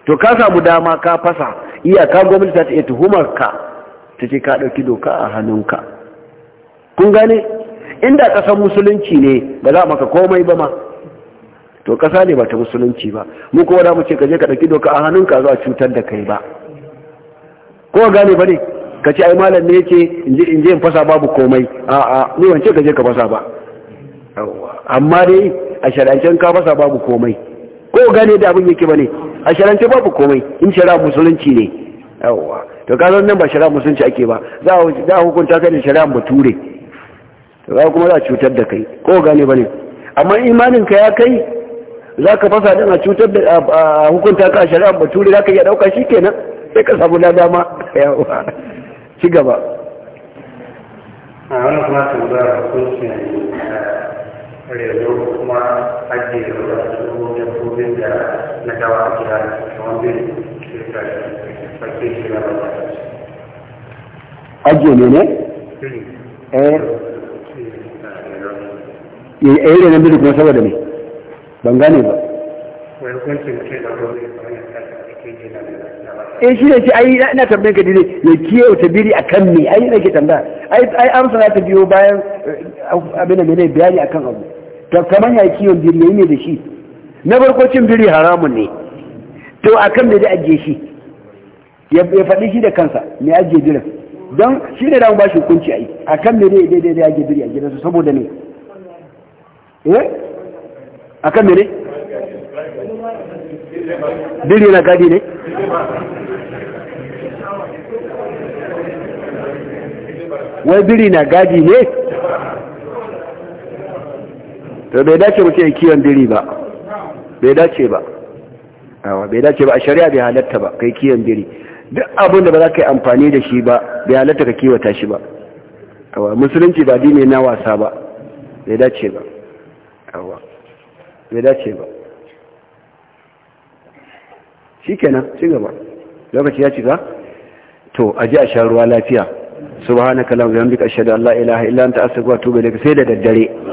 to ka samu dama ka fasa iyaka gwamnati ta iya tuhumar ka ta ce ka ɗauki doka a hannunka kun gane inda ƙasar musulunci ne ba za maka komai ba ma to ƙasa ne ba ta musulunci ba mu kowa da mu ce ka je ka ɗauki doka a hannunka zuwa cutar da kai ba ko gane ba ne ka ce ai malam ne yake in je in fasa babu komai a a ni wance ka je ka fasa ba amma dai a shari'ancen ka fasa babu komai ko gane da abin yake ba ne a sharance babu komai in shara musulunci ne yawwa to ka nan ba shara musulunci ake ba za a hukunta ka da shari'a bature to za kuma za a cutar da kai ko gane ba ne amma imanin ka ya kai za ka fasa din a cutar da hukunta ka a shari'a bature za ka iya ɗauka shi kenan sai ka samu na dama yawwa ci gaba a wani kuma tambayar hukuncin eh, reno kuma ajiye wasu dabbobin da na dawa a gida da su kamar shi na bata ajiye ne ne? ya yi renon biyu kuma saboda ne ban gane ba eh shi ne ce ai ina tambayin ka dai ya biri a kan me ai na ke tambaya ai amsa na ta biyo bayan eh, abin da ne bayani a kan abu to kamar ya kiyon biri yayi ne da shi na farko cin biri haramun ne to a me da ajiye shi ya faɗi shi da kansa me ajiye birin don shi ne damu ba shi hukunci a yi a kan me ya daidai da ajiye biri a gidansu saboda ne eh kan me ne biri na gadi ne wai biri na gadi ne to bai dace mutum ya kiwon biri ba bai dace ba bai dace ba a shari'a bai halatta ba kai kiyon biri duk abin da ba za ka yi amfani da shi ba bai halatta ka kiwata shi ba musulunci ba dine na wasa ba bai dace ba bai dace ba shi kenan ci gaba lokaci ya cika to a ji a sha ruwa lafiya subhanaka lam yamdika ashhadu an la ilaha illa anta astaghfiruka wa atubu ilayk sai da daddare